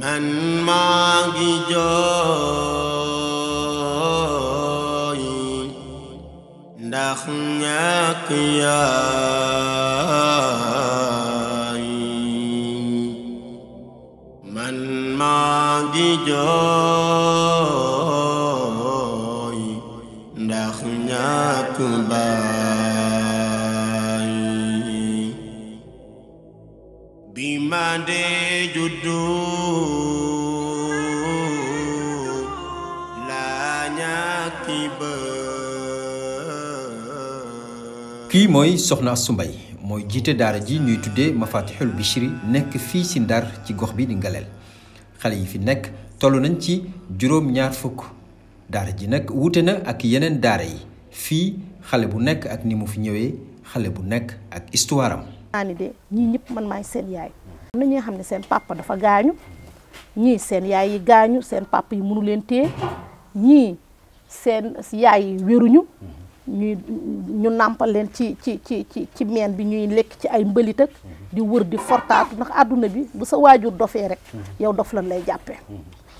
man maa ngi jooy ndax ñàkk yaay man maa ngi jooy bi ma juddu kii mooy soxna Astou Mbaye mooy jiite daara ji ñuy tuddee Mafatihul Bichri nekk fii ci Ndar ci gox bi di Ngaleel xale yi fi nekk toll nañ ci juróom ñaar fukk daara ji nag wuute na ak yeneen daara yi fii xale bu nekk ak ni mu fi ñëwee xale bu nekk ak histoire naa ni de ñii ñëpp man maay seen yaay am na xam ne seen papa dafa gaañu ñii seen yaay yi gaañu seen papa yi mënu leen téye ñii seen yaay yi ñuy ñu nàmpal leen ci ci ci ci ci meen bi ñuy lekk ci ay mbalit di wër di fortaatu ndax àdduna bi bu sa waajur dofee rek yow dof lan lay jàppee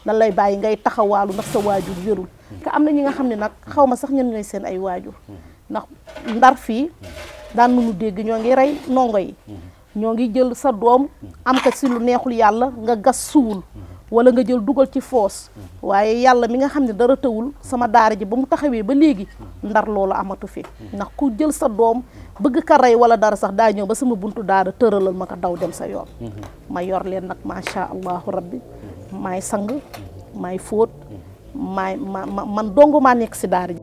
lan lay bàyyi ngay taxawaalu ndax sa waajur wérul ka am na ñi nga xam ne nag xaw ma sax ñen ñooy seen ay waajur ndax ndar fii daan nañu dégg ñoo ngi rey ndongo yi ñoo ngi jël sa doom am ko si lu neexul yàlla nga gas suwul wala nga jël dugal ci foos waaye yàlla mi nga xam ne dara tawul sama daara ji ba mu taxawee ba léegi ndar loolu amatu fi ndax ku jël sa doom bëgg ka rey wala dara sax daa ñëw ba sama buntu daara tëralal ma ko daw dem sa yoon ma yor leen nag macha allahu rabbi maay sang maay fóot maay ma ma man dongo maa nekk si daara ji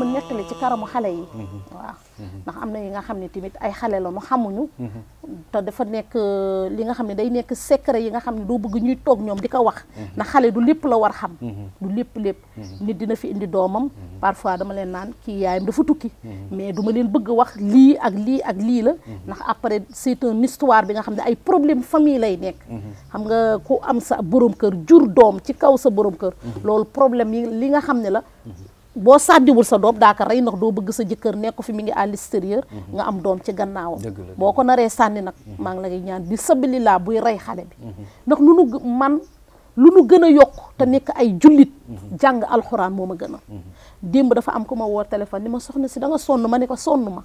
ma nettali ci karamu xale yi mhm. waaw mhm. ndax am na yi nga xam ne tamit ay xale la nu xamuñu mhm. te dafa nekk euh, li nga xam ne day nekk secret yi nga xam ne doo bëgg ñuy toog ñoom di ko wax ndax xale du lépp la war xam du lépp lépp nit dina fi indi doomam parfois dama leen naan kii yaayam dafa tukki mais du ma leen bëgg wax lii ak lii ak lii la ndax après c'est une histoire bi nga xam ne ay problème famille lay nekk xam nga ku am sa borom kër jur doom ci kaw sa borom kër loolu problème yi li nga xam ne la boo sàddiwul sa doom daa ko rey ndax doo bëgg sa jëkkër nekk fi mu ngi à l'extérieur mhm. nga am doom ci gannaaw gannaawam boo ko naree sànni nag mhm. maa ngi la ñaan bi sabililaa buy rey xale bi mhm. ndax lu nu man lu nu gën a yokk te nekk ay jullit jàng alxuraan moo ma gën a démb dafa am ku ma woor téléphone ni ma soxna si da sonn ma ne ko sonn ma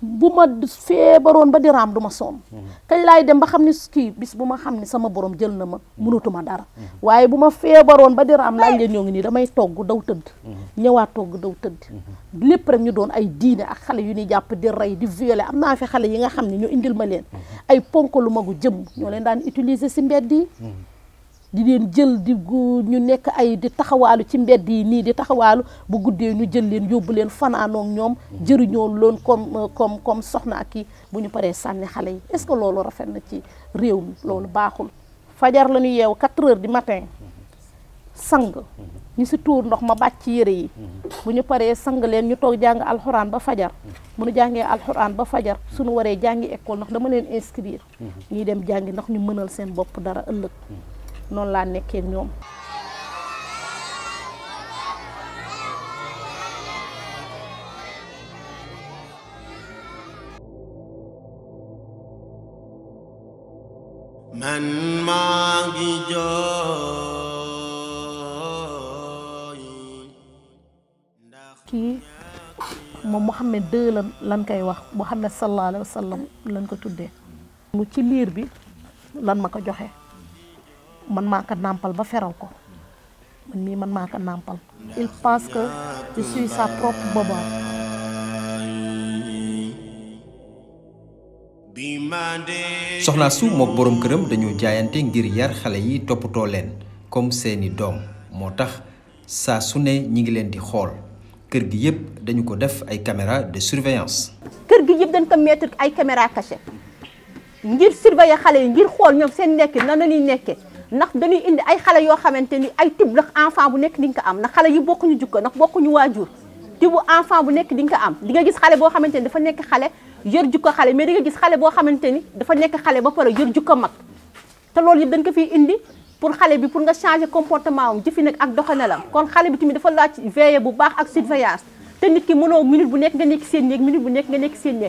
bu ma feebaroon ba di raam du ma sonn mm-hmm. kañ laay dem ba xam ne kii bis bu ma xam ne sama borom jël na ma mm-hmm. mënatuma dara mm-hmm. waaye bu ma feebaroon ba di raam laaj la ñoo ngi nii damay togg daw tëdd ñëwaat togg daw tëdd lépp rek ñu doon ay diine ak xale yu ni jàpp di rey di violer am naa fi xale yi nga xam ne ñu indil ma leen ay ponk lu ma magu jëm ñoo leen daan utiliser si mbedd yi di len jël di ñu nek ay di taxawalu ci mbedd ni di taxawalu bu guddee ñu jël leen yóbbu leen fanaanoog ñoom jëriñoo loon comme comme comme soxna ak yi bu ñu paré sanni xalé yi est ce que lolu rafet na ci réew mi lolu baxul fajar lañu yew 4 mateng di matin sang ñu ci tour ndox ma bàcc yére yi bu ñu paré sang len ñu tok jang alcorane ba fajar bu ñu jangé alcorane ba fajar suñu waré jàngi école ndox dama len inscrire ñi dem jangi ndox ñu mënal seen bop dara ëlëk noonu laa nekkee ñoom man maa ngi jooy kii moom Mouhamed deux lan lan koy wax Mouhamed sallallahu alayhi wa sallam lan ko tudde mu ci liir bi lan ma ko joxe man maka nampal ba feral ko man mi man maka nampal il pense que je suis sa propre baba soxna su mo borom kërëm dañu jaayante ngir yar xalé yi toppatoo len comme seni dom motax sa su ñi ngi len di xol kër gi yépp dañu ko def ay caméra de surveillance kër gi yépp dañ ko mettre ay caméra cachée ngir surveiller xalé yi ngir xol ñom seen nekk na la nekké ndax dañuy indi ay xale yoo xamante ni ay type la enfant bu nekk di nga ko am ndax xale yi bokkuñu jukko ndax bokkuñu waajur type bu enfant bu nekk di ko am di nga gis xale boo xamante ni dafa nekk xale yor jukko xale mais di nga gis xale boo xamante ni dafa nekk xale ba pare yor jukko mag te loolu yëpp dañ ko fiy indi pour xale bi pour nga changer comportement am jëfin ak doxalinam kon xale bi tamit dafa laaj veiller bu baax ak surveillance te nit ki mënoo minute bu nekk nga nekk seen néeg minute bu nekk nga nekk seen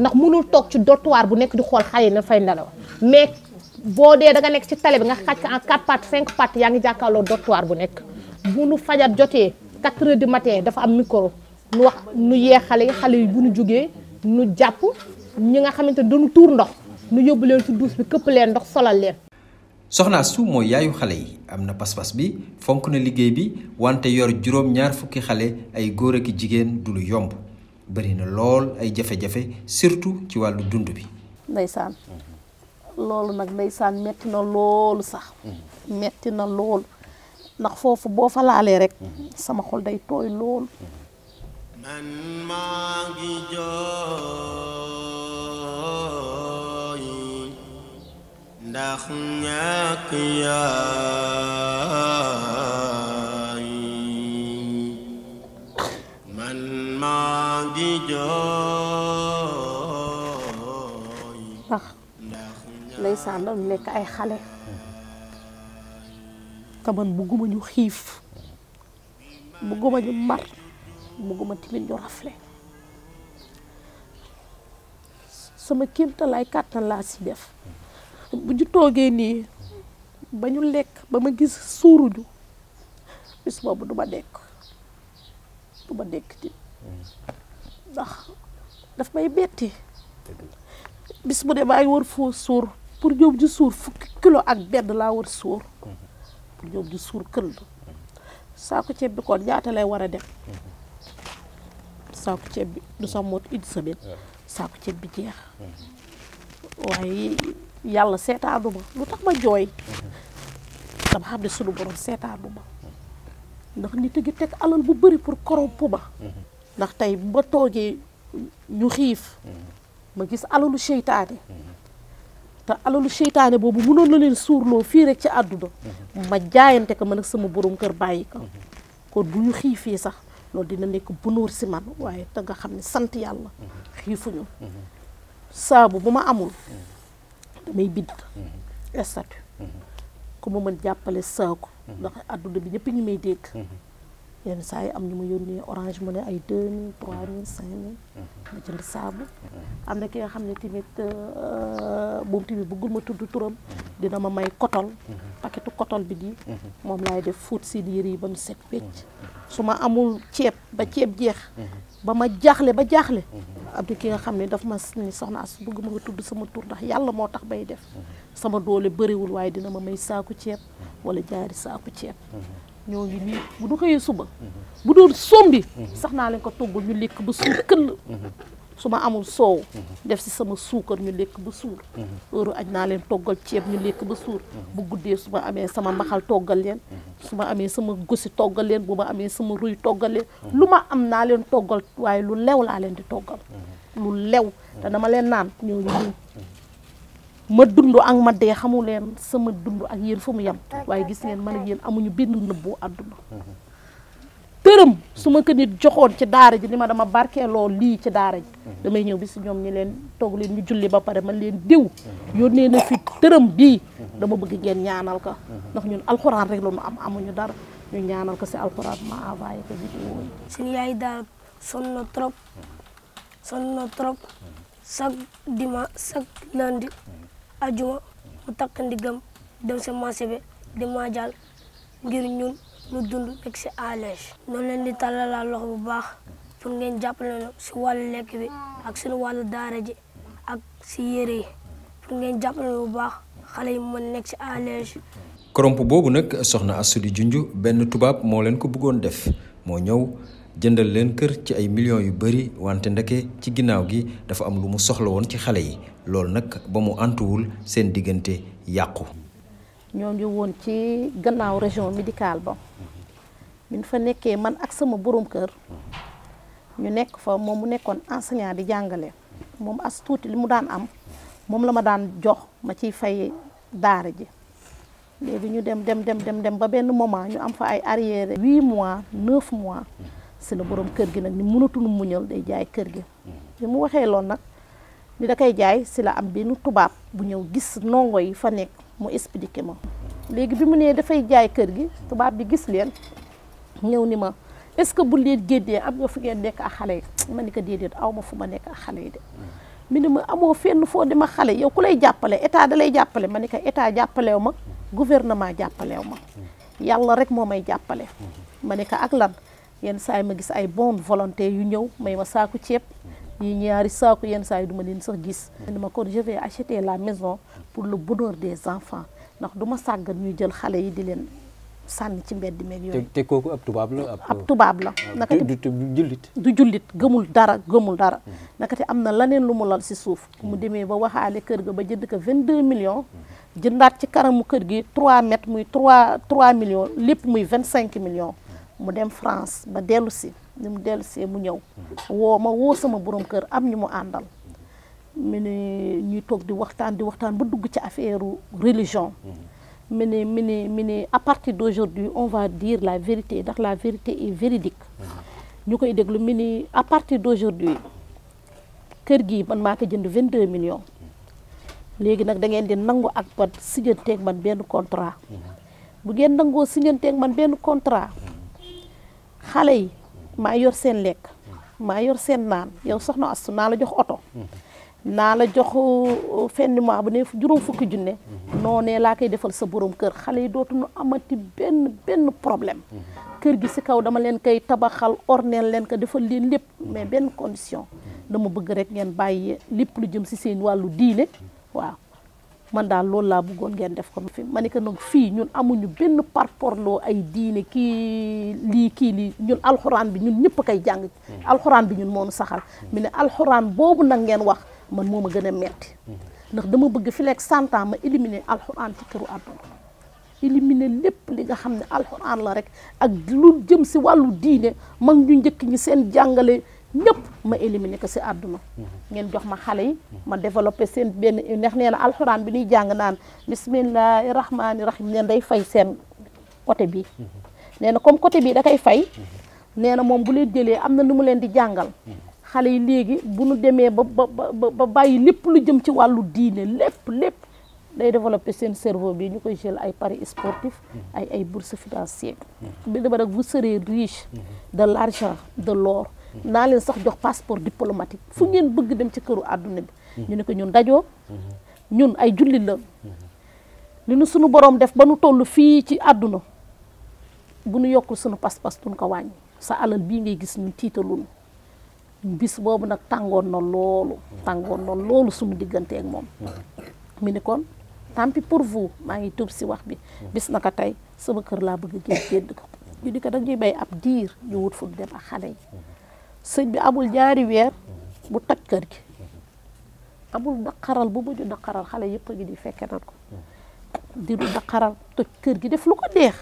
ndax mënul toog ci dortoir bu nekk di xool xale yi na fay nelaw mais boo dee da nga nekk ci télé bi nga xaj ko en 4 pattes 5 pattes yaa ngi jàkkaarloo dortoir bu nekk bu nu fajar jotee 4 heures du matin dafa am micro nu wax nu yee xale yi xale yi bu nu jógee nu jàpp ñi nga xamante ne dañu tuur ndox nu yóbbu leen ci douche bi këpp leen ndox solal leen. soxna su mooy yaayu xale yi am na pas-pas bi fonk na liggéey bi wante yor juróom ñaar fukki xale ay góor ak jigéen du yomb. bëri na lool ay jafe-jafe surtout ci wàllu dund bi. ndeysaan loolu nag ndeysaan metti na loolu sax. Mm-hmm. metti na loolu ndax foofu boo fa laalee rek mm-hmm. sama xol day tooy loolu. Mm-hmm. man maa ngi jooy ndax ñàkk yaa ndax ndeysaan doon nekk ay xale te man bugguma ñu xiif bugguma ñu mar bugguma timit ñu rafle sama kéemtalaay kàttan laa si def bu ñu toogee nii ba lek lekk ba ma gis suuruñu bis boobu du dekk du dekk timit ndax daf may betti bis bu ne maa war foo suur pour ñoom ji suur fukki kilo ak benn laa war suur pour ñoom ji suur këll saako ceeb bi kon ñaata lay war a dem saako ceeb bi du sax mot une semaine saako ceeb bi jeex waaye yàlla seetaanu ma lu tax ma jooy dama xam ne sunu borom seetaanu ma ndax nit a teg alal bu bari pour corrompre ma ndax tey bu ma toogee ñu xiif ma gis alalu seytaane te alalu seytaane boobu mënoon na leen suurloo fii rek ci àdduna ma jaayante ko ma ak sama borom kër bàyyi ko kon bu ñu xiifee sax loolu dina nekk bunóor si man waaye te nga xam ne sant yàlla xiifuñu saabu bu ma amul damay bind ku ma mën jàppale saaku ndax àdduna bi ñëpp ñu may dégg yenn saa am ñu ma orange mu ne ay 2000 3000 5000 mille cinq mille ma jënd sabu am na ki nga xamne timit euh moom timi bëggul ma tuddu turam mhm. dina ma may kotol mhm. paquetu kotol bi mhm. di mom lay def foot ci yére yi set pecc suma amul ciep ba ciep jeex ba ma jaaxle ba jaxlé am na ki nga xamne daf ma ni soxna as bëgg ma nga tudd sama tour ndax yalla mo tax bay def sama doole bëriwul way dina ma may saaku ciep wala jaari saaku ciep ñoo ngi nii bu du xëyee suba bu doon sombi sax naa leen ko togg ñu lekk ba suur këll su ma amul soow def si sama suukar ñu lekk ba suur heure naa leen toggal ceeb ñu lekk ba suur bu guddee su ma amee sama mbaxal toggal leen su ma amee sama gosi toggal leen bu ma amee sama ruy toggal leen lu ma am naa leen toggal waaye lu lew laa leen di toggal lu lew te dama leen naan ñoo ngi ma dund ak ma dee xamu leen sama dund ak yéen fu mu yem waaye gis ngeen man ak yéen amuñu benn nëbbu àdduna tërëm su ma ko joxoon ci daara ji ni ma dama barkeeloo lii ci daara ji mhm. damay ñëw bi si ñoom ñi leen toog leen ñu julli ba pare man leen diw yónnee na fi tërëm bii mhm. dama bëgg ngeen ñaanal ko mhm. ndax ñu alxuraan rek la ñu am amuñu dara ñu ñaanal ko si alxuraan ma envoyé ko vidéo yi suñu yaay daal sonn na trop sonn na trop chaque dimanche chaque lundi ajuma mu takk ndigam dem sa marché bi di maajal ngir ñun ñu dund nekk si à l'aise leen di tàllalaal loxo bu baax pour ngeen jàppale ñu si wàllu lekk bi ak suñu wàllu daara ji ak si yére yi pour ngeen jàppale bu baax xale yi mën nekk ci à l'aise koromp boobu nag soxna Astou di junj benn tubaab moo leen ko bëggoon def moo ñëw jëndal leen kër ci ay millions yu bari wante ndeke ci ginnaaw gi dafa am lu mu soxla woon ci xale yi loolu nag ba mu antuwul seen diggante yàqu. ñoo ngi woon ci gannaaw région médicale ba. bi fa nekkee man ak sama borom kër. ñu nekk fa moom mu nekkoon enseignant di jàngale. moom as tuuti li mu daan am moom la ma daan jox ma ciy fay daara ji. léegi ñu dem dem dem dem dem ba benn moment ñu am fa ay arrière. huit mois neuf mois. si la borom kër gi nag ni mënatul muñal day jaay kër gi bi mu waxee loolu nag ni da koy jaay si la am benn tubaab bu ñëw gis ndongo yi fa nekk mu expliqué ma léegi bi mu nee dafay jaay kër gi tubaab bi gis leen ñëw ni ma est-ce que bu leen génnee am nga fu ngeen nekk ak xale yi ma ni ko déedéet aw ma fu ma nekk ak xale yi de mi ni ma amoo fenn foo di ma xale yow ku lay jàppale état da lay jàppale ma ni ko état jàppalew ma gouvernement jàppalew ma yàlla rek moo may jàppale ma ni ko ak lan yenn saay ma gis ay bonne volonté yu ñëw may ma saaku ceeb yi ñaari saaku yenn saa yi du leen sax gis ma kon je vais acheter la maison pour le bonheur des enfants ndax duma ma ñuy jël xale yi di leen sànni ci mbedd meeg yooyu te kooku ab tubaab la ab tubaab la nakati du jullit du jullit gëmul dara gëmul dara mm-hmm. nakati am na leneen lu mu lal si suuf mm-hmm. mu demee ba waxaale kër ga ba jënd ko 22 millions jëndaat ci kanamu kër gi 3 mètres muy 3 3 millions lépp muy cinq million mu dem France ba dellu si ni mu dellu see mu ñëw woo ma woo sama borom kër am ñu mu àndal mu ne ñuy toog di waxtaan di waxtaan ba dugg ci affaire religion mu ne mu ne mu ne à partir d'aujourd'hui on va dire la vérité ndax la vérité est véridique ñu koy déglu mu ne à partir d'aujourd'hui kër gi man maa ko jënd vingt deux millions léegi nag da ngeen di nangu ak man sigganteeg man benn contrat mhm. bu ngeen nangoo sigganteeg man benn contrat xale yi maa yor seen lekk maa yor seen naan yow soxna Astu naa la jox oto naa la jox uh, fenn mois bu ne juróom fukki junne noonee laa koy defal sa borom kër xale yi dootuñu amati benn benn problème kër gi si kaw dama leen koy tabaxal orneel leen ko defal leen lépp mais benn condition dama bëgg rek ngeen bàyyi lépp lu jëm si seen wàllu diine waaw man daal loolu laa bëggoon ngeen def ko fi man ne que nag fii ñun amuñu benn parporloo ay diine kii lii kii lii ñun alxuraan bi ñun ñëpp koy jàng mm-hmm. alxuraan bi ñun moonu saxal mi mm-hmm. ne alxuraan boobu nag ngeen wax man moo ma gën a metti mm-hmm. ndax dama bëgg fi lekk cent ma éliminer alxuraan ci këru àdduna éliminer lépp li nga xam ne alxuraan la rek ak lu jëm si wàllu diine mag ñu njëkk ñu seen jàngale ñëpp ma éliminer ko si àdduna ngeen jox ma xale yi ma développé seen benn neex nee na alxuraan bi ñuy jàng naan bismillahi rahmaani rahim neen day fay seen côté bi nee na comme côté bi da koy fay nee na moom bu leen jëlee am na lu mu leen di jàngal xale yi léegi bu nu demee ba ba ba bàyyi lépp lu jëm ci wàllu diine lépp lépp day développé seen cerveau bi ñu koy jël ay paris sportifs ay ay bourses financières hmm. bi dama nag vous serez riche de l' argent de l'or naa leen sax jox passeport diplomatique fu ngeen bëgg dem ci këru àdduna bi ñu ne ko ñun dajoo ñun ay jullit la lu nu sunu boroom def ba nu toll fii ci àdduna bu nu yokkul suñu pas-pas duñ ko wàññi sa alal bii ngay gis ñun tiitalunu bis boobu nag tàngoon na loolu tàngoon na loolu suñu diggante ak moom mi ni kon tant pour vous maa ngi tuub si wax bi bis na ko tey sama kër laa bëgg a génn génn ko ñu di ko dañuy may ab diir ñu wut fu dem ak xale yi sëñ bi amul ñaari wër bu toj kër gi amul nakaral bu mu nakaral xalé yëpp di fekke nan ko di du nakaral toj kër gi def lu ko neex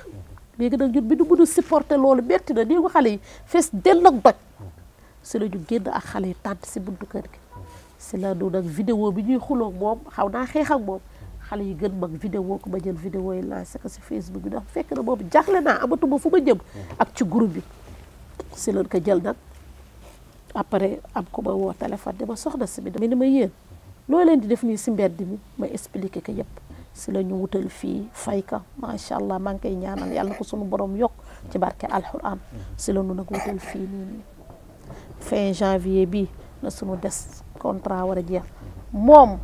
légui nak ñun bi du mënu supporter loolu metti na néegu xalé yi fess del nak doj si la ñu génn ak xalé yi tànt si buntu kër gi ci la nu nak vidéo bi ñuy xuloo moom xaw naa xeex ak moom xalé yi gën mag vidéo ko ma jël vidéo yi lancé ko si facebook bi ndax fekk na bobu jaxlé naa amatu bu fuma jëm ak ci groupe bi ci lan ko jël nak après am ko ma woo téléphone di ma soxna si bi ni ma yéen loo leen di def nii si mbedd mi ma expliqué ko yëpp si la ñu wutal fii fay ka macha allah maa ngi koy ñaanal yàlla ko sunu borom yokk ci barke alxuraan si la ñu nag wutal fii nii nii fin janvier bi na sunu des contrat war a jeex moom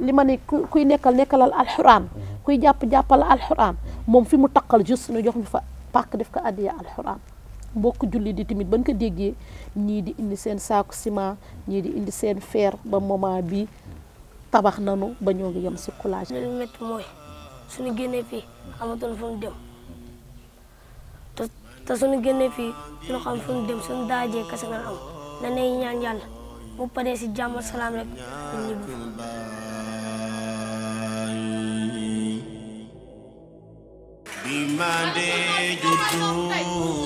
li ma ne kuy nekkal nekkalal alxuraan kuy jàpp jàppal alxuraan moom fi mu taqal juste nu jox ñu fa pàkk def ko addiya alxuraan mbokk julli di timit ban ko déggee ñi di indi seen saaku ciment ñi di indi seen fer ba moment bi tabax nañu ba ñoo ngi yam ci collage lu metti moy suñu génnee fi xamatoon fu ñu dem ta suñu génnee fi ñu xam fu dem suñu daajee kese nga am na né ñaan yalla bu paré ci jamm salam rek ñu ñibbi Demandez du tout.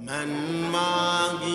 man maa ngi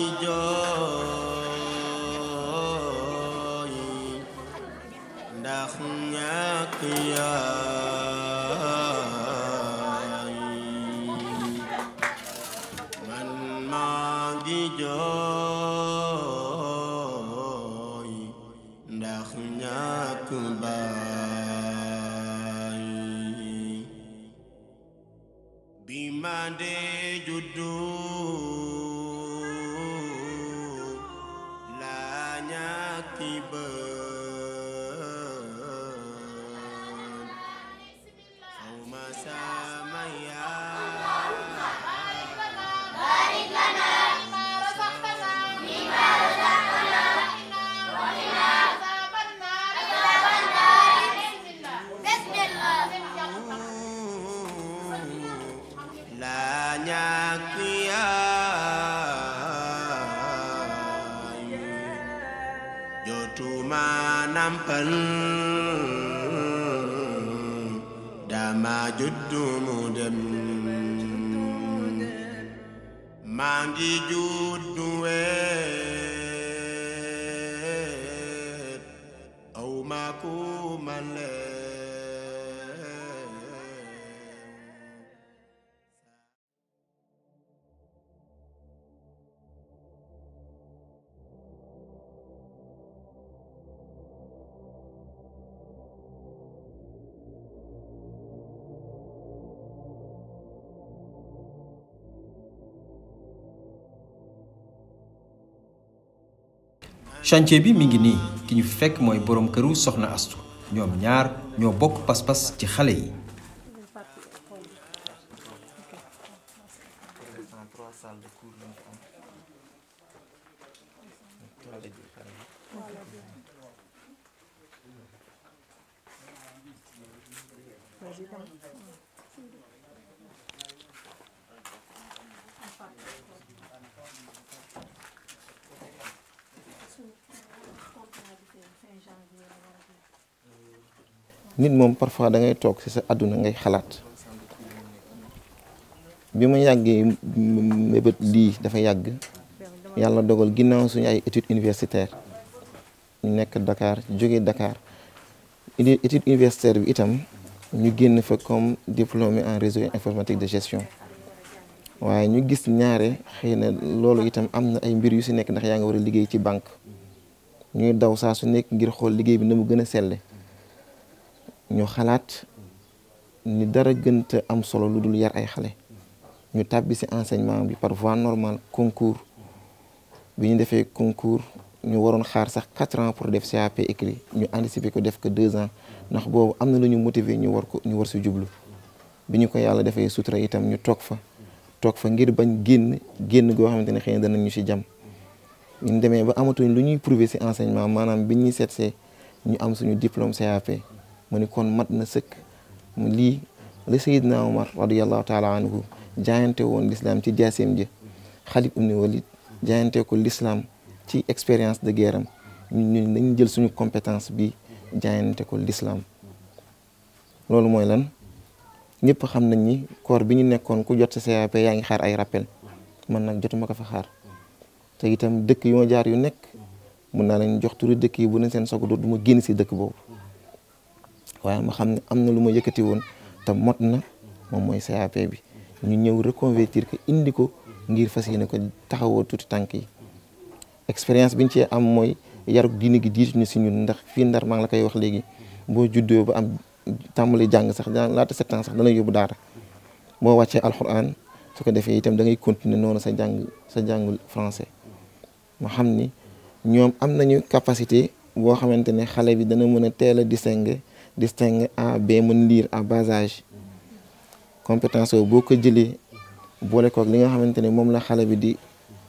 juddu mu dem maa ngi ju chantier bi mi ngi nii ki ñu fekk mooy borom këru soxna astu ñoom ñaar ñoo bokk pas-pas ci xale yi nit moom parfois da ngay toog ci sa àdduna ngay xalaat bi ma yàggee mébét lii dafa yàgg yàlla dogal ginnaaw suñu ay études universitaire ñu nekk Dakar jógee Dakar étude universitaire bi itam ñu génn fa comme diplômé en réseau informatique de gestion waaye ñu gis ñaare xëy na loolu itam am na ay mbir yu si nekk ndax yaa nga war a liggéey ci banque ñuy daw saa su nekk ngir xool liggéey bi na mu gën selle ñu xalaat ñu dara gënta am solo lu dul yar ay xale ñu tàbbi si enseignement bi par voie normale concours bi ñu defee concours ñu waroon xaar sax quatre ans pour def CAP écrit ñu anticiper ko def ko deux ans ndax boobu am na lu ñu motiver ñu war ko ñu war si jublu bi ñu koy yàlla defee sutura itam ñu toog fa toog fa ngir bañ génn génn goo xamante ne xëy na danañ ñu si jam ñu demee ba amatuñ lu ñuy prouver si enseignement maanaam bi ñuy seetsee ñu am suñu diplôme CAP mu ni kon mat na sëkk mu lii la Seydina Omar radiyallahu taala anhu jaayante woon l'islam ci jaaseem ji Khalid ibn Walid jaayante ko l'islam ci expérience de guerre am ñun ñu dañu jël suñu compétence bi jaayante ko l'islam loolu mooy lan ñëpp xam nañ ni koor bi ñu nekkoon ku jot sa CAP yaa ngi xaar ay rappel man nag jotuma ko fa xaar te itam dëkk yu ma jaar yu nekk mën na lañ jox turi dëkk yi bu ne seen sogu do duma génn ci dëkk boobu waaye ma xam ne am na lu ma yëkkati woon te mot na moom mooy CAP bi ñu ñëw reconvertir ko indi ko ngir fas yéene ko taxawoo tuuti tànk yi expérience biñ ci am mooy yarug dina gi diitu ñu si ñun ndax fii ndar maa la koy wax léegi boo juddoo ba am tàmbali jàng sax daan laata sept ans sax dana yóbbu daara boo wàccee alxuraan su ko defee itam da ngay continuer noonu sa jàng sa jàngul français mu xam ni ñoom am nañu capacité boo xamante ne xale bi dana mën a teel a distinguer distinguer A B mën lire à bas âge compétence boobu boo ko jëlee boole koog li nga xamante ne moom la xale bi di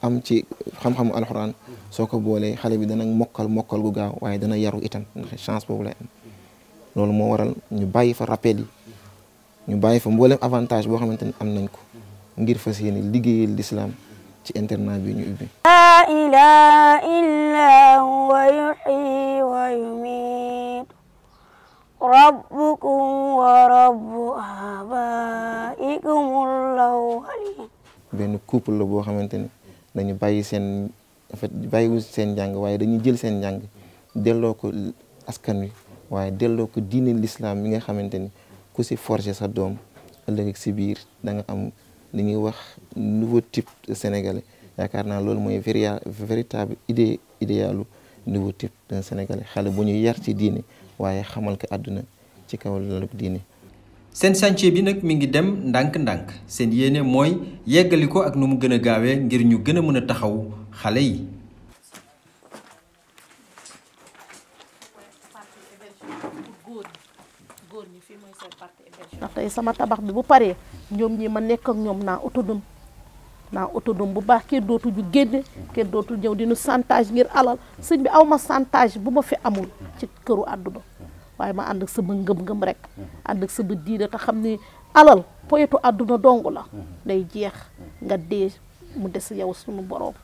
am ci xam-xamu alxuraan soo ko boolee xale bi dana mokkal mokkal gu gaaw waaye dana yaru itam chance boobu lay am loolu moo waral ñu bàyyi fa rappel ñu bàyyi fa mboolem avantage boo xamante ne am nañ ko ngir fas yéene liggéeyal lislaam ci internat bi ñu ubbi laa ilaha huwa yuhyi wa yumiit rabbukum wa rabbu abaikumul awwalin benn couple la boo xamante ni dañu bay seen en fait seen njàng waaye dañu jël seen njàng delloo ko askan wi waaye delloo ko diine l'islam mi nga xamante ni ku si forger sa doom ëllëg si biir da nga am li ngi wax nouveau type sénégalais yaakaar naa loolu mooy véritable idée idéalu nouveau type d'un sénégalais xale bu ñu yar ci diine waaye xamal ko àdduna ci kaw laluk diine seen chantier bi nag mi ngi dem ndànk-ndànk seen yéene mooy yeggali ko ak nu mu gën a gaawee ngir ñu gën a mën a taxaw xale yi ndax sama tabax bi bu paree ñoom ñi ma nekk ak ñoom naa autonome naa autonome bu baax ke dootu ju génne kenn dootu ñëw dinu chantage ngir alal sëñ bi aw ma chantage bu ma fi amul ci këru àdduna waaye ma ànd ak sama ngëm-ngëm rek ànd ak sama diina ta xam ni alal poyetu adduna dong la day jeex nga dee mu des yow suñu borom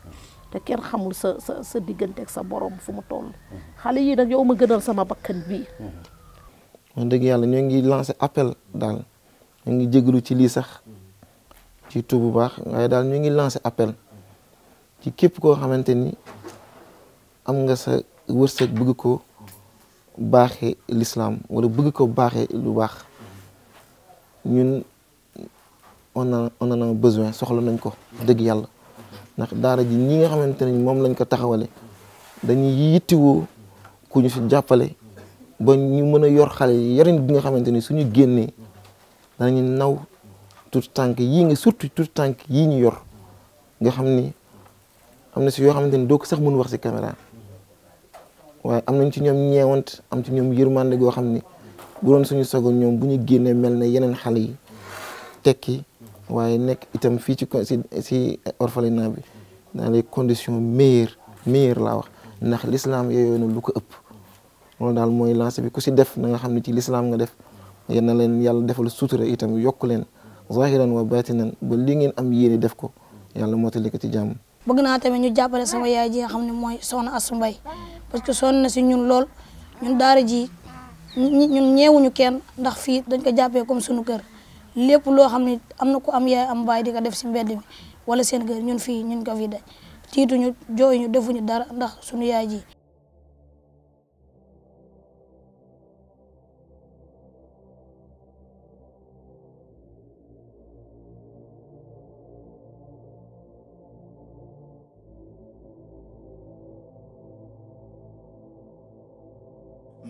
te kenn xamul sa sa sa diggante ak sa borom fu mu toll xale yii nag yow ma gënal sama bakkan bii wax dëgg yàlla ñoo ngi lancé appel daal ñu ngi jégalu ci lii sax ci bu baax waaye daal ñoo ngi lancé appel ci képp koo xamante ni am nga sa wërsëg bëgg ko baaxee l'islam wala bëgg ko baaxee lu baax ñun on a on en a besoin soxla nañ ko dëgg yàlla ndax daara ji ñi nga xamante moom lañ ko taxawale dañuy yittiwoo ku ñu fi jàppale ba ñu mën a yor xale yi yarin bi nga xamante ni suñu génnee danañu naw tout tànk yii nga surtout tout tànk yii ñu yor nga xam ni am na si yoo xamante ni doo ko sax mën wax si caméra waaye am nañ ci ñoom ñeewant am ci ñoom yërmande goo xam ni bu doon suñu sogo ñoom bu ñu génnee mel na yeneen xale yi tekki waaye nekk itam fii ci si si orphelinat bi dans les conditions meilleures meilleures laa wax ndax l'islam yooyu na lu ko ëpp loolu daal mooy lancé bi ku si def na nga xam ne ci lislaam nga def yal na leen yàlla defal suture itam yokk zahiran wa batinan ba li ngeen am yéene def ko yàlla mo ko ci jàmm bëgg naa tamit ñu jàppale sama yaay ji nga xam ne mooy soxna parce que sonn na si ñun lool ñun daara ji ñun ñeewuñu kenn ndax fii dañ ko jàppee comme suñu kër lépp loo xam ne am na am yaay am baay di ko def si mbedd bi wala seen kër ñun fii ñun ko fii daj tiituñu jooyuñu defuñu dara ndax suñu yaay ji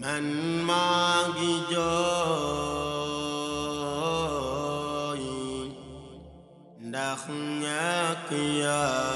man maa ngi jooy ndax ñàkk yaa